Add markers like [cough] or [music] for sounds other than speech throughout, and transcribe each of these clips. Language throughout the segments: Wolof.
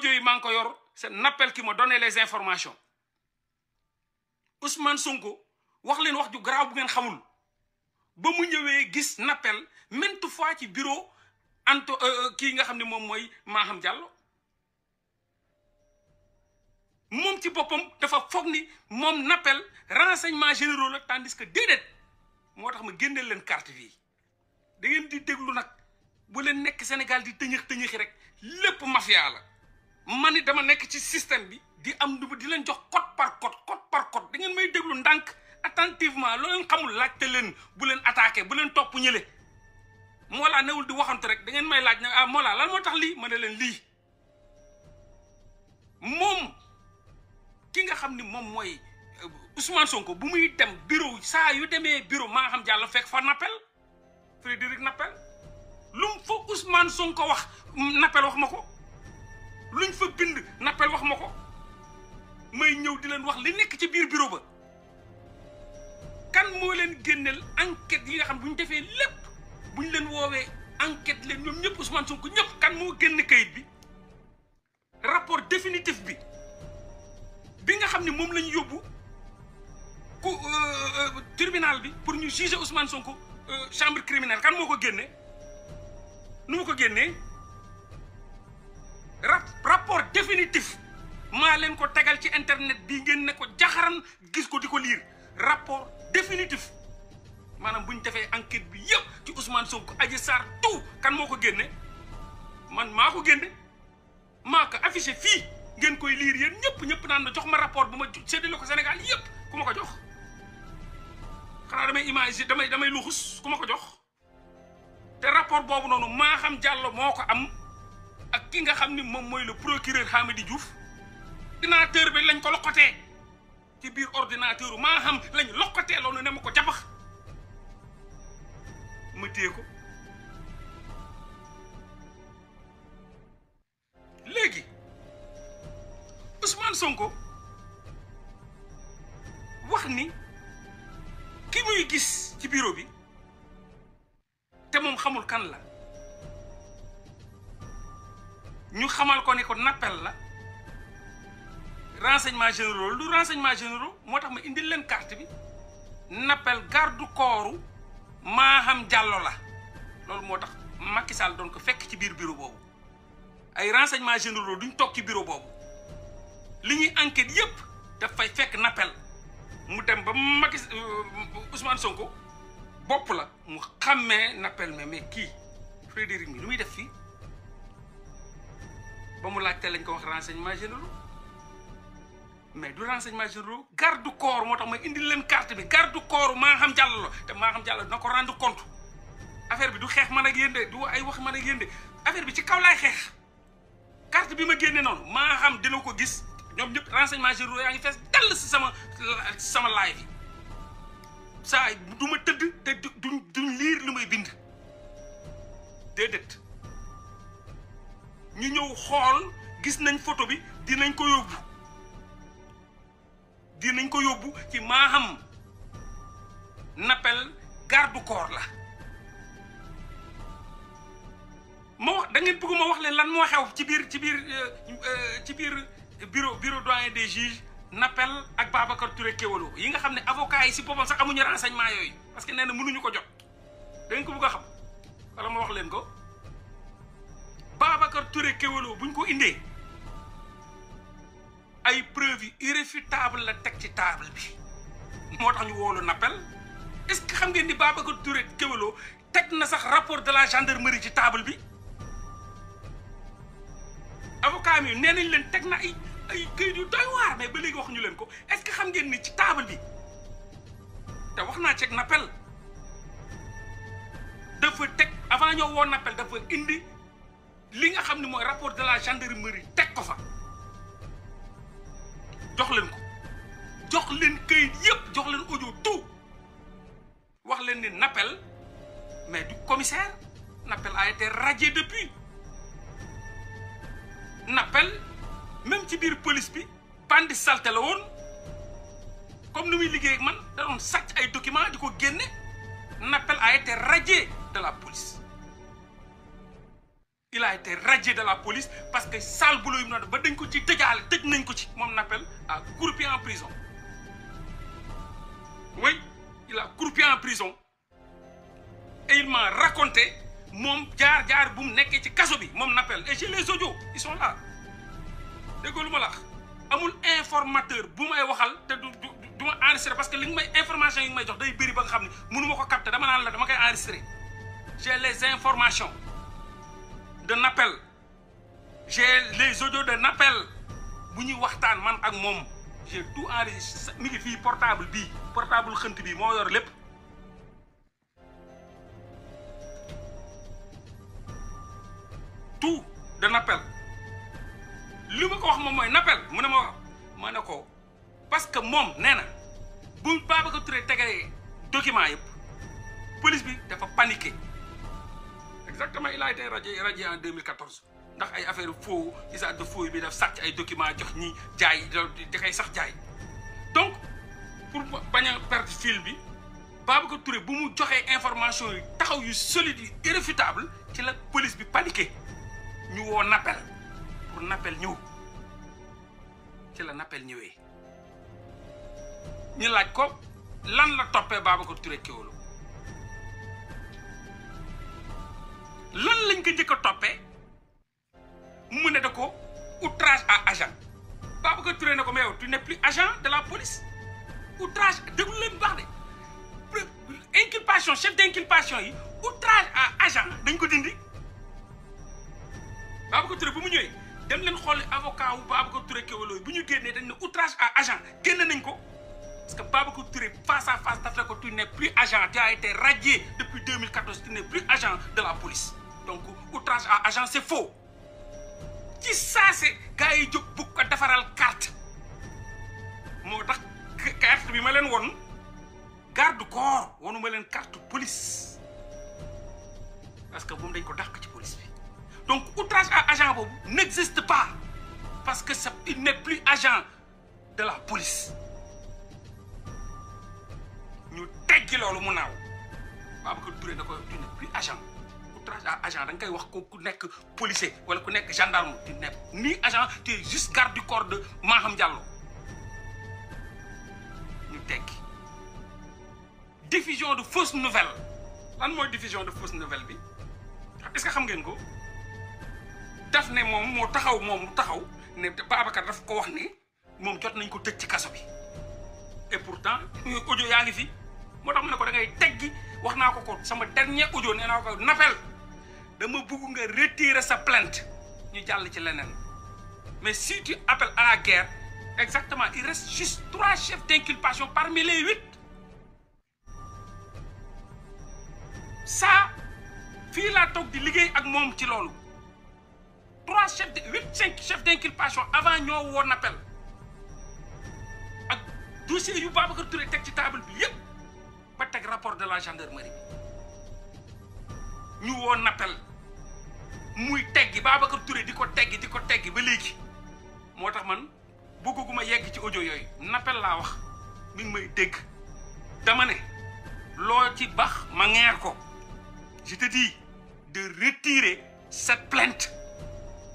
audio yi maa ngi ko yor c'est un appel m'a donné les informations Ousmane sunko wax leen wax ju garaaw bu ngeen xamul ba mu ñëwee gis nappel maintes fois ci bureau anto euh, euh, kii nga xam ne moom mooy maaxam Diallo moom ci boppam dafa foog ni moom nappel renseignement généraux la tandis que déedéet moo tax ma génneel leen carte bi da ngeen di déglu nag bu leen nekk Sénégal di tëñëx tëñëxi rek lépp mafia la ma ni dama nekk ci système bi di am du di leen jox code par code code par code da ngeen may déglu ndànk attentivement loo xamul laajte leen bu leen attaqué bu leen topp ñële Mollah newul di waxantu rek da ngeen may laaj ne ah Mollah lan moo tax lii ma ne leen lii moom ki nga xam ni moom mooy euh, Ousmane Sonko bu muy dem bureau saa yu demee bureau maa xam jàll fekk fa Nappel Frédéric Nappel lu mu fa Ousmane Sonko wax Nappel wax ma ko luñ fa bind nappel wax ma ko may ñëw di leen wax li nekk ci biir bureau ba kan moo leen génneel enquête yi nga xam bu ñu defee lépp bu ñu leen woowee enquête leen ñoom ñëpp Ousmane Sonko ñëpp kan moo génne kayit bi rapport définitif bi bi nga xam ne moom la ñu yóbbu ku euh, euh, tribunal bi pour ñu juger Ousmane Sonko euh, chambre criminelle kan moo ko génne nu mu ko génnee. rapport définitif maa leen ko tegal ci internet bi ngeen ne ko jaxaran gis ko di ko liir rapport définitif maanaam bu ñu defee enquête bi yëpp ci Ousmane Sonko Adji Sarr tout kan moo ko génne man maa ko génne maa ko affiché fii ngeen koy liir yéen ñëpp ñëpp naan na jox ma rapport bu ma séddale ko Sénégal yëpp ku ko jox xanaa damay imaginer damay damay luxus ku ma ko jox te rapport boobu noonu maa xam Diallo moo ko am ak ki nga xam ni moom mooy le procureur Hamidi Diouf ordinateur bi lañ ko lokkotee ci biir ordinateur maa xam lañ lokkotee loolu ne ma ko jabax ma ko léegi Ousmane Sonko wax ni ki muy gis ci biiro bi te moom xamul kan la ñu xamal ko ne ko nappel la renseignement généraux lu renseignement généraux moo tax ma indil leen carte bi nappel garde corps Maham Diallo la loolu moo tax Macky Sall doon ko fekk ci biir bureau boobu ay renseignement généraux duñ toog ci bureau boobu li ñuy enquête yépp daf fekk nappel mu dem ba Macky euh, Ousmane Sonko bopp la mu xàmmee nappel mais kii Frédéric mi lu muy def fii ba mu laajte lañ ko wax renseignement généraux mais du renseignement généraux garde corps moo tax ma indil leen carte bi garde corps maa xam jàll te maa xam jàll dina ko rendre compte affaire bi du xeex man a yéen de du ay wax man ak yéen de affaire bi ci kaw laay xeex carte bi ma génne noonu maa xam dina ko gis ñoom ñëpp renseignement généraux yaa ngi fees dell sama sama laay bi saa du tëdd te duñ liir lu may bind déedéet. ñu ñëw xool gis nañ photo bi dinañ ko yóbbu dinañ ko yóbbu ci Maham Napel garde corps la ma wax da ngeen wax leen lan moo xew ci biir ci biir euh, euh, ci biir bureau bureau doyen des juges Napel ak Babacar Touré Kewalo yi nga xam ne avocat yi si boppam sax amuñu renseignement yooyu parce que nee na mënuñu ko jot da ko bëgg a xam wala ma wax leen ko Babacar Touré Kewelo bu ñu ko indee ay preuve yi irréfutable la teg ci taable bi moo tax ñu woolu nappel est-ce que xam ngeen ni Babacar Touré Kewelo teg na sax rapport de la gendarmerie ci table bi avocat mi nee nañ leen teg na ay ay këyit yu doy waar mais ba léegi waxuñu leen ko est-ce que xam ngeen ni ci table bi te wax naa ceeg nappel dafa teg avant ñoo woo nappel dafa indi li nga xam ne mooy rapport de la gendarmerie teg ko fa jox leen ko jox leen këyit yëpp jox leen audio tout wax leen ni nappel mais du commissaire Napel a été radié depuis Napel même ci biir police bi bandi salté la woon comme ni muy liggéey ak man da doon sàcc ay documents di ko génne Napel a été radié de police il a été radié de la police parce que sale boulot yi mu doon def ba dañ ko ci tëjaale tëj nañ ko ci moom Napel a croupir en prison oui il a croupir en m'a raconté moom jaar jaar bu mu nekkee ci kaso bi moom Napel et j'ai les audios ils sont là déggoo lu ma la amul informateur bu may waxal te du du du ma enregistré parce que li nga may information yi nga may jox day bëri ba nga xam ne mënu ma ko capter dama naan la dama koy enregistré j'ai les information de appel j'ai les audios de appel bu ñuy waxtaan man ak moom j'ai tout enregistré mi ngi fii portable bi portable xënt bii moo yor lépp tout de appel li ma ko wax moom mooy appel mu ne ma wax ma ne ko parce que moom nee na bu Babacar Touré tegee document yëpp police bi dafa paniqué exactement il a été radié radié en 2014 ndax ay affaire faux usage de faux yi muy def sàcc ay documents jox ñi jaay da koy sax jaay donc pour bañ a perdre bi Babacar ture bu mu joxee information yu taxaw yu solide yu irréfutable ci la police bi paniqué ñu woo nappel pour nappel ñëw ci la nappel ñëwee ñu laaj ko lan la toppee Babacar Touré Kewoulo lan lañ ko njëkk a toppee mu ne da ko outrage à agent Babacar ture ne ko mais yow tu n'es plus agent de la police outrage déglu leen bu baax de inculpation chef d'inculpation yi outrage à agent dañ ko dindi Babacar Touré bu mu ñëwee dem leen xool avocat wu Babacar Touré Kewelo bu ñu génnee dañ ne outrage à agent génn nañ ko parce que Babacar Touré face à face daf ko tu n'es plus agent tu as été radié depuis 2014 tu n'es plus agent de la police donc outrage à agent c'est faux ci saase gars yi jóg bu ko defaral carte moo tax carte bi ma leen won garde corps wonu ma leen carte police parce que moom dañ ko dàq ci police bi donc outrage à agent boobu n'existe pas parce que ça il n'est plus agent de la police ñu teggi loolu mu naaw Babacar Touré da ko tu n'es plus agent outrage agent da koy wax ko ku nekk policier wala ku nekk gendarme tu nekk ni agent tu juste garde du corps de Maham Diallo ñu tekki diffusion de fausse nouvelle lan mooy diffusion de fausse nouvelle bi est que xam ngeen ko daf ne moom moo taxaw moom mu taxaw ne Babacar daf ko wax ne moom jot nañ ko tëj ci kaso bi et pourtant audio yaa ngi fi moo tax mu ne ko da ngay teggi wax naa ko ko sama dernier audio nee naa ko Napel dama bëgg nga retirer sa plainte ñu jàll ci leneen mais si tu appelles à la guerre exactement il reste juste trois chefs d'inculpation parmi les huit ça fii laa toog di liggéey ak moom ci loolu trois chefs de cinq chefs d'inculpation avant ñoo woon appel ak dossier yu Babacar Touré teg ci table bi yépp ba teg rapport de la gendarmerie ñu woon appel muy teggi ba ko Touré di ko teggi di ko teggi ba léegi moo tax man bëgguma yegg ci audio yooyu nappel laa wax mi ngi may dégg dama ne loo ci bax ma ngeer ko je te dis de retirer cette plainte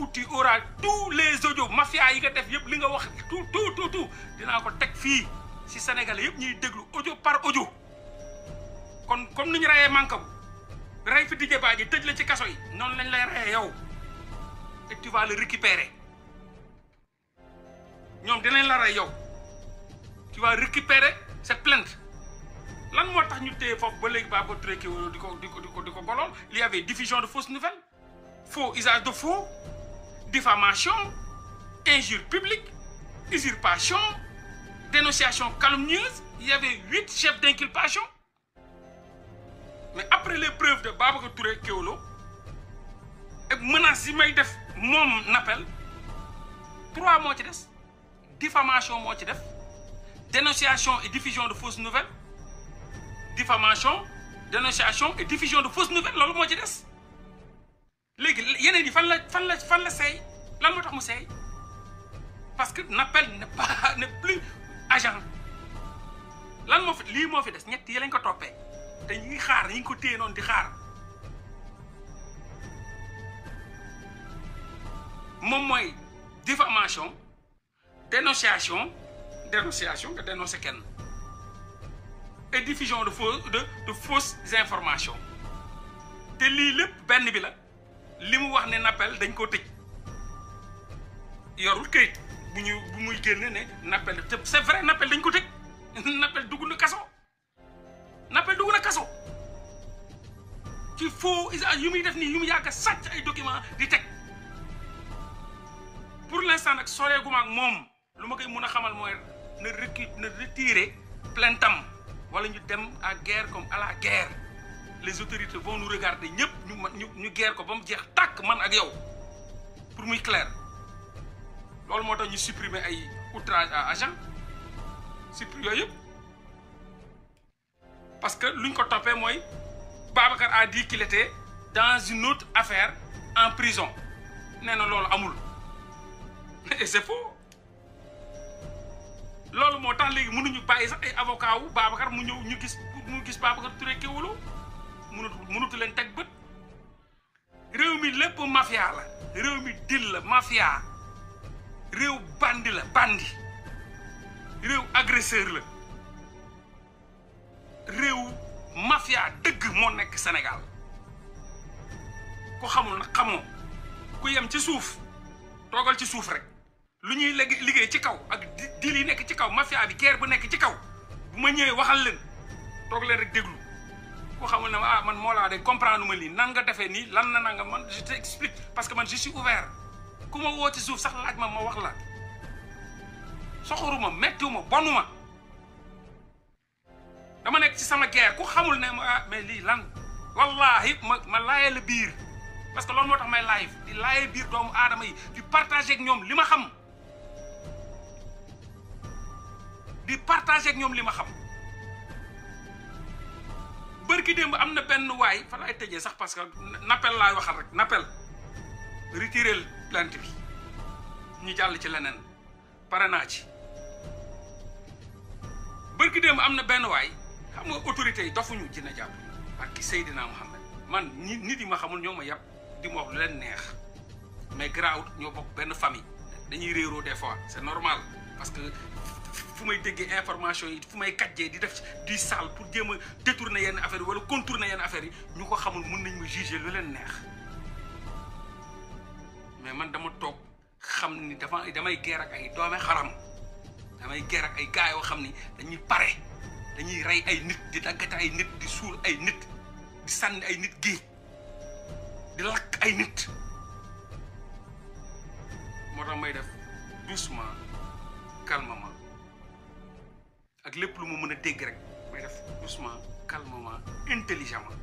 où tu auras tous les audios mafia yi nga def yëpp li nga wax tout tout tout tout dinaa ko teg fii si Sénégalais yëpp ñuy déglu audio par audio kon comme ni ñu rayee mànkam rey fi Didier Badji tëj la ci kaso yi noonu lañ lay reyee yow et tu vas le récupérer ñoom dinañ la rey yow tu vas récupérer cette plainte lan moo tax ñu téye foofu ba léegi ba ko traité di ko di ko di ko di ko golool il y avait de fausses nouvelles faux usage de faux diffamation injure publique usurpation dénonciation calomnieuse il y avait huit chefs d'inculpation mais après les preuves de Babacar Touré Kewlo ak menaces si may def moom Napel trois moo ci des diffamation moo ci def dénonciation et diffision de fausses nouvelles diffamation dénonciation et diffision de fausses nouvelles loolu moo ci des léegi yeneen yi fan la fan la fan la seey lan moo tax mu seey parce que Napel n'est pas [laughs] ne plus agent lan moo fi lii moo fi des ñett yi lañ ko toppee te ñi ngi xaar ñi ko téye di xaar moom mooy diffamation dénonciation dénonciation nga dénoncé kenn et diffusion de faux de de fausses informations te lii lépp benn bi la li mu wax ne Nappel dañ ko tëj yorul kayit bu ñu bu muy génne ne Nappel te c'est vrai Nappel dañ ko tëj [laughs] Nappel dugg na kaso. Nampel dugg na kaso ci a yu muy def nii yu mu yàgg a sàcc ay document di teg pour l'instant nag soreeguma ak moom lu ma koy mun a xamal mooy na recu na retirer plainte wala ñu dem ak guerre comme à la guerre les autorités vont nous regarder ñëpp ñu ñu ñu guerre ko ba mu jeex tàkk man ak yow pour muy clair loolu moo tax ñu supprimer ay outrage à agent supprimer yooyu yëpp parce que lu luñ ko toppee mooy Babacar a di qu'il était dans une autre affaire en prison nee na loolu amul et c'est loolu moo tax léegi mënuñu bàyyi sax ay avocat wu Babacar mu ñëw ñu gis mu gis Babacar Touré Kéwoulo mënut mënutu leen teg bët réew mi lépp mafia la réew mi dil la mafia réew bandi la bandi réew agresseur la réew mafia dëgg moo nekk Sénégal ku xamul nag xamoo ku yem ci suuf toogal ci suuf rek lu ñuy liggéey ci kaw ak di di yi nekk ci kaw mafia bi guerre bu nekk ci kaw bu ma ñëwee waxal leen toog leen rek déglu ku xamul na ah man moo laa de comprendre ma lii nan nga nii lan na nga man je t'explique parce que man je suis ouvert ku ma woo ci suuf sax laaj ma ma wax la soxoruma méttiwuma bonuma dama nekk ci sama guerre ku xamul ne ma ah, mais lii lan wallahi ma ma laajee la biir parce que loolu moo tax may live di laajee biir doomu aadama yi di partager ñoom li ma xam di partager ñoom li ma xam bërki démb am na benn waay fa laay tëjee sax parce que nappel laay waxal rek nappel retirel plainte bi ñu jàll ci leneen pare naa ci bërki démb am na benn waay xam nga autorités yi dofuñu dina jàpp parce que Seydina Mohamed man ñi nit yi ma xamul ñoo ma yàpp di ma lu leen neex mais garaawut ñoo bokk benn famille dañuy réeroo des fois c'est normal parce que fu may déggee information yi fu may kàjjee di def di sal pour jéem a détourner yenn affaire yi wala contourner yenn affaire yi ñu ko xamul mën nañ ma juger lu leen neex mais man dama toog xam ni dafa damay guerre ak ay doome xaram damay guerre ay gars yoo xam ni dañuy pare dañuy rey ay nit di daggate ay nit di suul ay nit di sànni ay nit géej di lakk ay nit moo tax may def doucement calmement ak lépp lu ma mën a dégg rek may def doucement calmement intelligemment